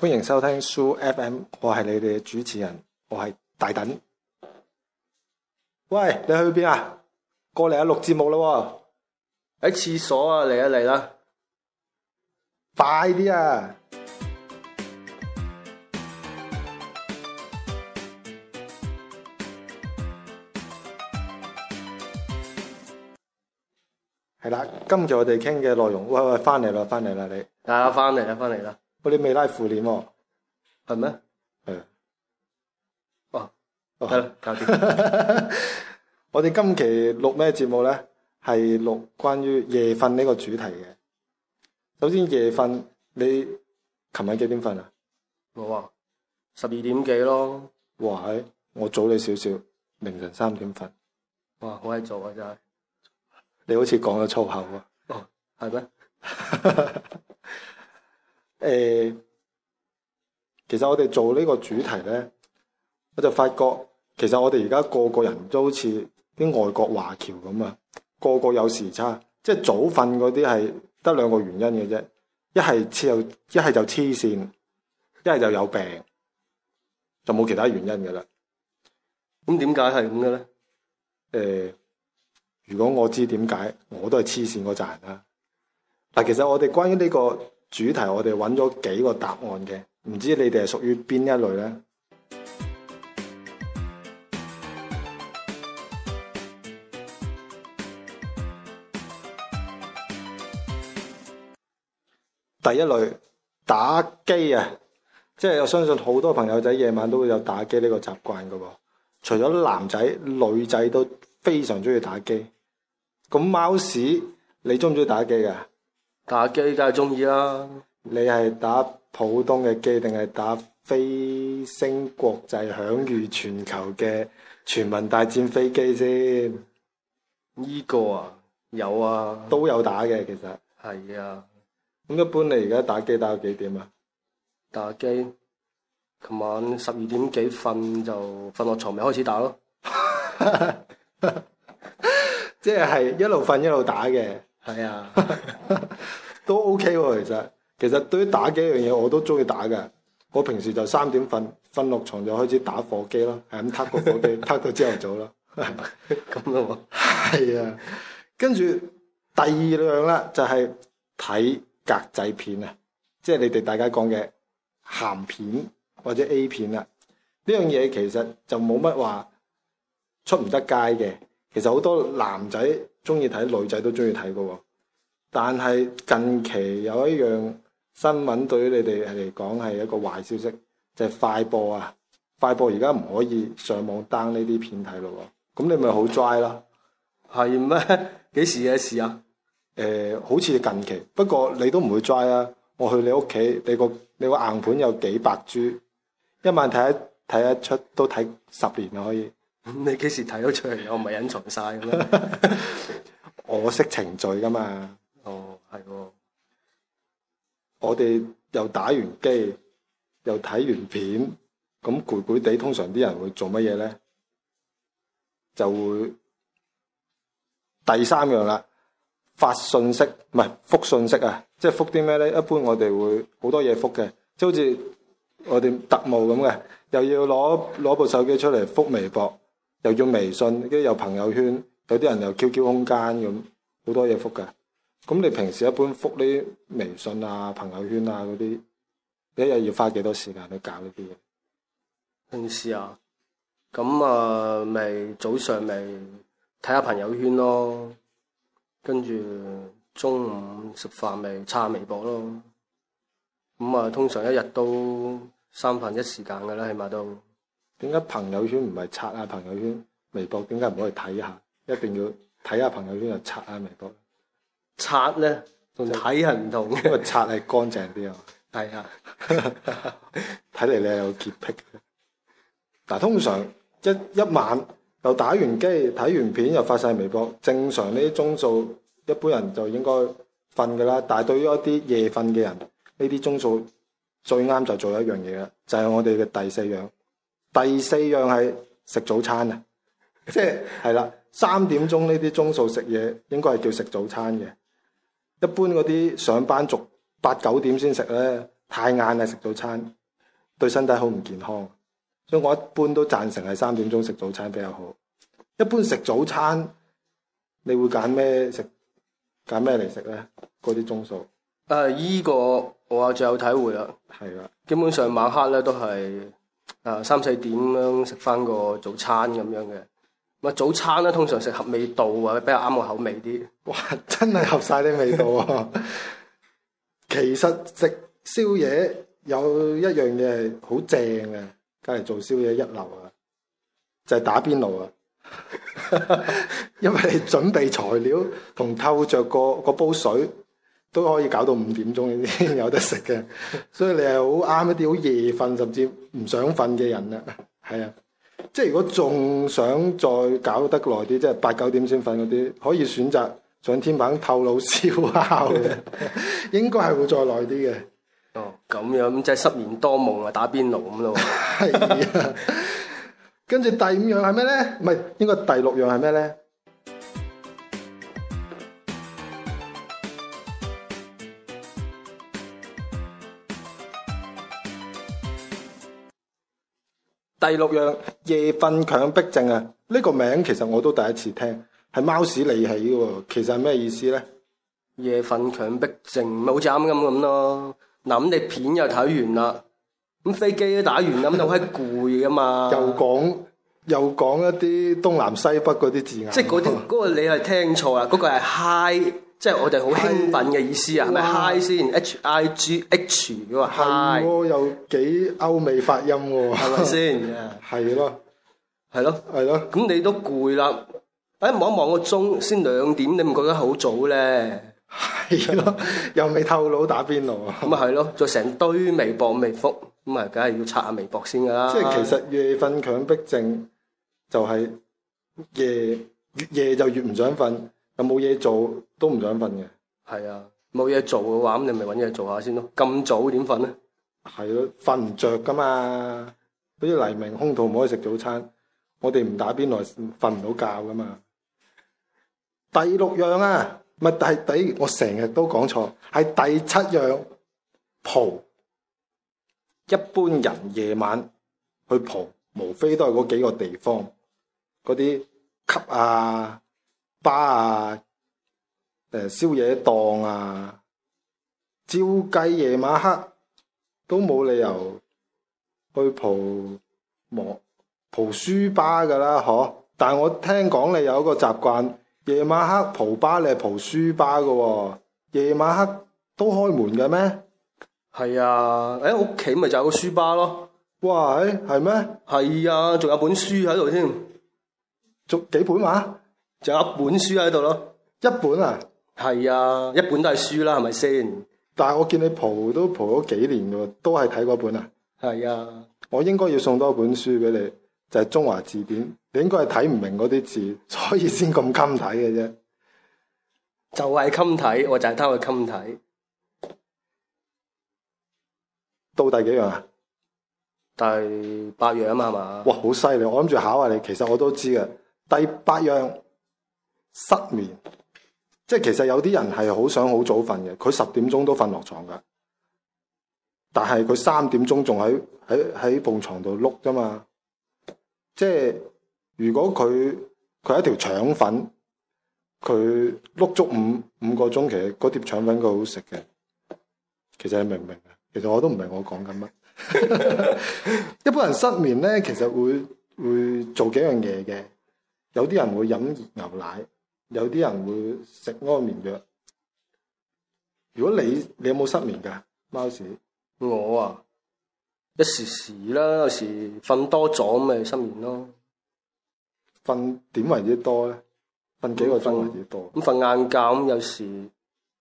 歡迎收聽 Soo FM，我係你哋嘅主持人，我係大等。喂，你去邊啊？過嚟啊，錄節目啦！喺廁所啊，嚟啊嚟啦，快啲啊！嗱，今次我哋傾嘅內容，喂、哎、喂，翻嚟啦，翻嚟啦，你，大家翻嚟啦，翻嚟啦，喂、哦、你未拉負臉喎，係咩？係，哦，係，搞掂。我哋今期錄咩節目咧？係錄關於夜瞓呢個主題嘅。首先夜瞓，你琴晚幾點瞓啊？冇啊、哦，十二點幾咯。哇，我早你少少，凌晨三點瞓。哇，好喺做啊，真係。你好似講咗粗口啊！哦，係咩？誒、 欸，其實我哋做呢個主題咧，我就發覺，其實我哋而家個個人都好似啲外國華僑咁啊，個個有時差，即係早瞓嗰啲係得兩個原因嘅啫，一係黐又一係就黐線，一係就，就有病，就冇其他原因嘅啦。咁點解係咁嘅咧？誒、欸。如果我知點解，我都係黐線嗰啲人啦。嗱，其實我哋關於呢個主題，我哋揾咗幾個答案嘅，唔知你哋係屬於邊一類呢？第一類打機啊，即係我相信好多朋友仔夜晚都會有打機呢個習慣㗎喎。除咗男仔，女仔都非常中意打機。咁貓屎，你中唔中意打機噶？打機梗係中意啦。你係打普通嘅機定係打飛星國際享譽全球嘅全民大戰飛機先？呢個啊，有啊，都有打嘅其實。係啊。咁一般你而家打機打到幾點啊？打機？琴晚十二點幾瞓，就瞓落床咪開始打咯。 即係一路瞓一路打嘅，係啊，都 OK 喎、啊。其實其實對於打機呢樣嘢，我都中意打嘅。我平時就三點瞓，瞓落床就開始打火機咯，係咁撻個火機，撻到朝頭早囉。咁咯，係啊。跟住第二樣啦，就係睇格仔片啊，即係你哋大家講嘅咸片或者 A 片啦。呢樣嘢其實就冇乜話出唔得街嘅。其實好多男仔中意睇，女仔都中意睇噶。但係近期有一樣新聞對於你哋嚟講係一個壞消息，就係、是、快播啊！快播而家唔可以上網 down 呢啲片睇咯。咁你咪好 dry 咯？係咩？幾時嘅事啊？誒、呃，好似近期。不過你都唔會 dry 啊？我去你屋企，你個你個硬盤有幾百 G，一晚睇一睇一出都睇十年可以。你幾時睇到出嚟？我唔係隱藏晒咁咯。 我識程序㗎嘛。哦，係喎。我哋又打完機，又睇完片，咁攰攰地。通常啲人會做乜嘢咧？就會第三樣啦，發信息，唔係覆信息啊，即係覆啲咩咧？一般我哋會好多嘢覆嘅，即係好似我哋特務咁嘅，又要攞攞部手機出嚟覆微博。又做微信，跟住又有朋友圈，有啲人有 QQ 空間咁，好多嘢覆㗎。咁你平時一般覆呢微信啊、朋友圈啊嗰啲，你一日要花幾多時間去搞呢啲嘢？平時啊，咁啊，咪早上咪睇下朋友圈咯，跟住中午食飯咪刷下微博咯。咁、嗯、啊，通常一日都三分一時間噶啦，起碼都。點解朋友圈唔係刷下、啊、朋友圈、微博點解唔可以睇下？一定要睇下朋友圈就刷下、啊、微博刷呢，同睇係唔同，因為刷係乾淨啲啊。係啊看，睇嚟 你係有潔癖。 但通常一一晚又打完機、睇完片又發晒微博，正常呢啲鐘數一般人就應該瞓噶啦。但係對於一啲夜瞓嘅人，呢啲鐘數最啱就做一樣嘢啦，就係、是、我哋嘅第四樣。第四樣係食早餐啊，即係啦，三點鐘呢啲鐘數食嘢應該係叫食早餐嘅。一般嗰啲上班族八九點先食咧，太晏啦食早餐，對身體好唔健康。所以我一般都贊成係三點鐘食早餐比較好。一般食早餐，你會揀咩食？揀咩嚟食咧？嗰啲鐘數？誒、啊，依、這個我最有體會啦。係啦的，基本上晚黑咧都係。誒，三四點樣食翻個早餐咁樣嘅，咁啊早餐咧通常食合味道啊，比較啱我口味啲。哇，真係合晒啲味道啊！其實食宵夜有一樣嘢係好正嘅，梗係做宵夜一流啊，就係打邊爐啊， 因為你準備材料同透着個個煲水。都可以搞到五點鐘先 有得食嘅，所以你係好啱一啲好夜瞓甚至唔想瞓嘅人啦。係啊，即係如果仲想再搞得耐啲，即係八九點先瞓嗰啲，可以選擇上天板透露燒烤嘅， 應該係會再耐啲嘅。哦，咁樣即係失眠多夢啊，打邊爐咁咯。係 啊，跟住第五樣係咩咧？唔係，應該第六樣係咩咧？第六樣夜瞓強迫症啊！呢個名其實我都第一次聽，係貓屎你起嘅，其實係咩意思咧？夜瞓強迫症，好似啱咁咁咯。嗱，咁你片又睇完啦，咁飛機都打完啦，咁你好攰噶嘛？ 又講又講一啲東南西北嗰啲字眼，即係嗰啲嗰個你係聽錯啊，嗰個係嗨。即係我哋好興奮嘅意思啊，係咪 high 先，H I G H 嘅喎，high 又幾歐美發音喎，係咪先係係咯，係咯，係咯。咁你都攰啦，哎望一望個鐘，先兩點，你唔覺得好早咧？係咯，又未透露打邊爐啊？咁啊係咯，仲成堆微博未覆，咁啊，梗係要刷下微博先噶啦。即係其實夜瞓強迫症，就係夜越夜就越唔想瞓。有冇嘢做都唔想瞓嘅。係啊，冇嘢做嘅話，咁你咪搵嘢做下先咯。咁早點瞓咧？係咯，瞓唔着噶嘛。嗰啲黎明空肚唔可以食早餐，我哋唔打邊爐，瞓唔到覺噶嘛。第六樣啊，咪係第，第，我成日都講錯，係第七樣蒲。一般人夜晚去蒲，無非都係嗰幾個地方，嗰啲吸啊。巴啊！誒宵夜檔啊！照計夜晚黑都冇理由去蒲網蒲書吧噶啦，嗬、啊！但係我聽講你有一個習慣，夜晚黑蒲吧你係蒲書吧噶喎，夜晚黑都開門嘅咩？係啊！誒屋企咪就有個書吧咯！哇！係係咩？係啊！仲有一本書喺度添，仲幾本嘛、啊？仲有一本書喺度咯，一本啊，係啊，一本都係書啦，係咪先？但係我見你蒲都蒲咗幾年嘅，都係睇嗰本啊，係啊，我應該要送多本書俾你，就係《中華字典》，你應該係睇唔明嗰啲字，所以先咁襟睇嘅啫，就係襟睇，我就係偷佢襟睇。到第幾樣啊？第八樣啊嘛，係嘛？哇，好犀利！我諗住考下你，其實我都知嘅，第八樣。失眠，即係其實有啲人係好想好早瞓嘅，佢十點鐘都瞓落床㗎，但係佢三點鐘仲喺喺喺瞓牀度碌啫嘛。即係如果佢佢一條腸粉，佢碌足五五個鐘，其實嗰碟腸粉佢好食嘅。其實你明唔明啊？其實我都唔明我講緊乜。 一般人失眠咧，其實會會做幾樣嘢嘅，有啲人會飲熱牛奶。有啲人會食安眠藥。如果你你有冇失眠㗎？貓屎，我啊一時時啦，有時瞓多咗咁咪失眠咯。瞓點為之多咧？瞓幾個分為之多。咁瞓晏覺咁，有時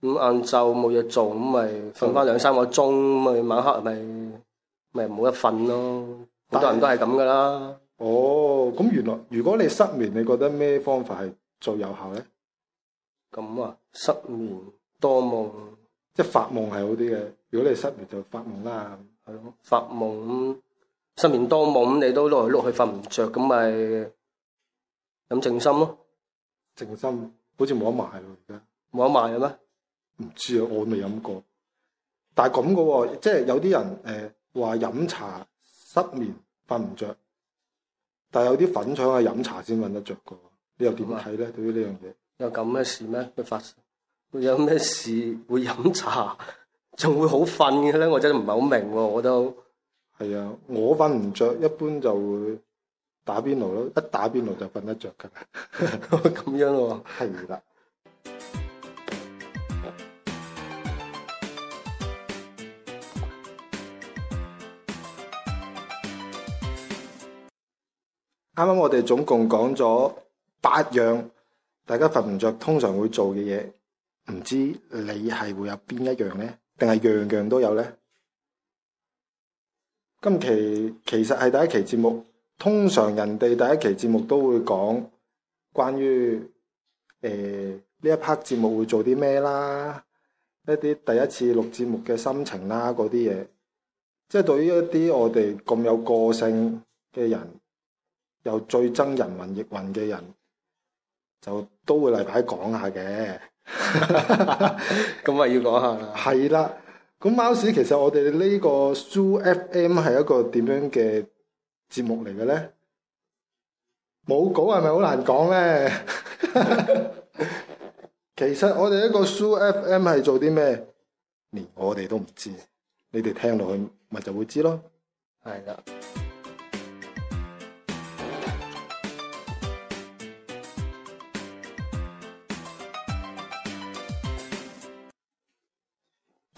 咁晏晝冇嘢做，咁咪瞓翻兩三個鐘，咁咪晚黑咪咪冇得瞓咯。好多人都係咁㗎啦。哦，咁原來如果你失眠，你覺得咩方法係？做有效咧，咁啊失眠多夢，嗯，即係發夢係好啲嘅。如果你失眠就發夢啦，係咯，嗯。發夢失眠多夢咁，你都碌嚟碌去瞓唔着，咁咪飲靜心咯。靜心好似冇得賣咯，而家冇得賣嘅咩？唔知啊，我未飲過。但係咁喎，即係有啲人誒話飲茶失眠瞓唔着，但係有啲粉腸係飲茶先瞓得着嘅。你又點睇咧？是對於呢樣嘢有咁嘅事咩？會發生會有咩事會飲茶仲會好瞓嘅咧？我真係唔係好明喎，我都係啊！我瞓唔着，一般就會打邊爐咯。一打邊爐就瞓得著㗎，咁 樣咯係啦。啱啱、啊、我哋總共講咗八樣大家瞓唔着通常會做嘅嘢，唔知你係會有邊一樣呢？定係樣樣都有呢？今期其實係第一期節目，通常人哋第一期節目都會講關於誒呢、呃、一 part 節目會做啲咩啦，一啲第一次錄節目嘅心情啦，嗰啲嘢，即係對於一啲我哋咁有個性嘅人，又最憎人云亦云嘅人，就都會例牌講下嘅，咁啊要講下啦。 係啦，咁貓屎其實我哋呢個 SooFM 係一個點樣嘅節目嚟嘅咧？冇稿係咪好難講咧？ 其實我哋一個 SooFM 係做啲咩？連我哋都唔知，你哋聽到佢咪就會知咯。係啦。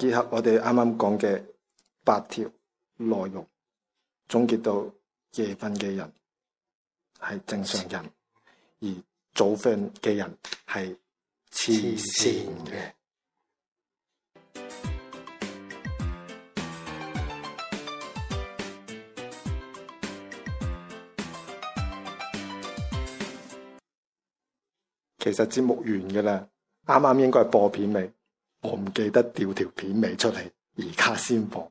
結合我哋啱啱講嘅八條內容，總結到夜瞓嘅人係正常人，而早瞓嘅人係痴線嘅。其實節目完嘅啦，啱啱應該係播片未？我唔記得掉條片尾出嚟，而家先放。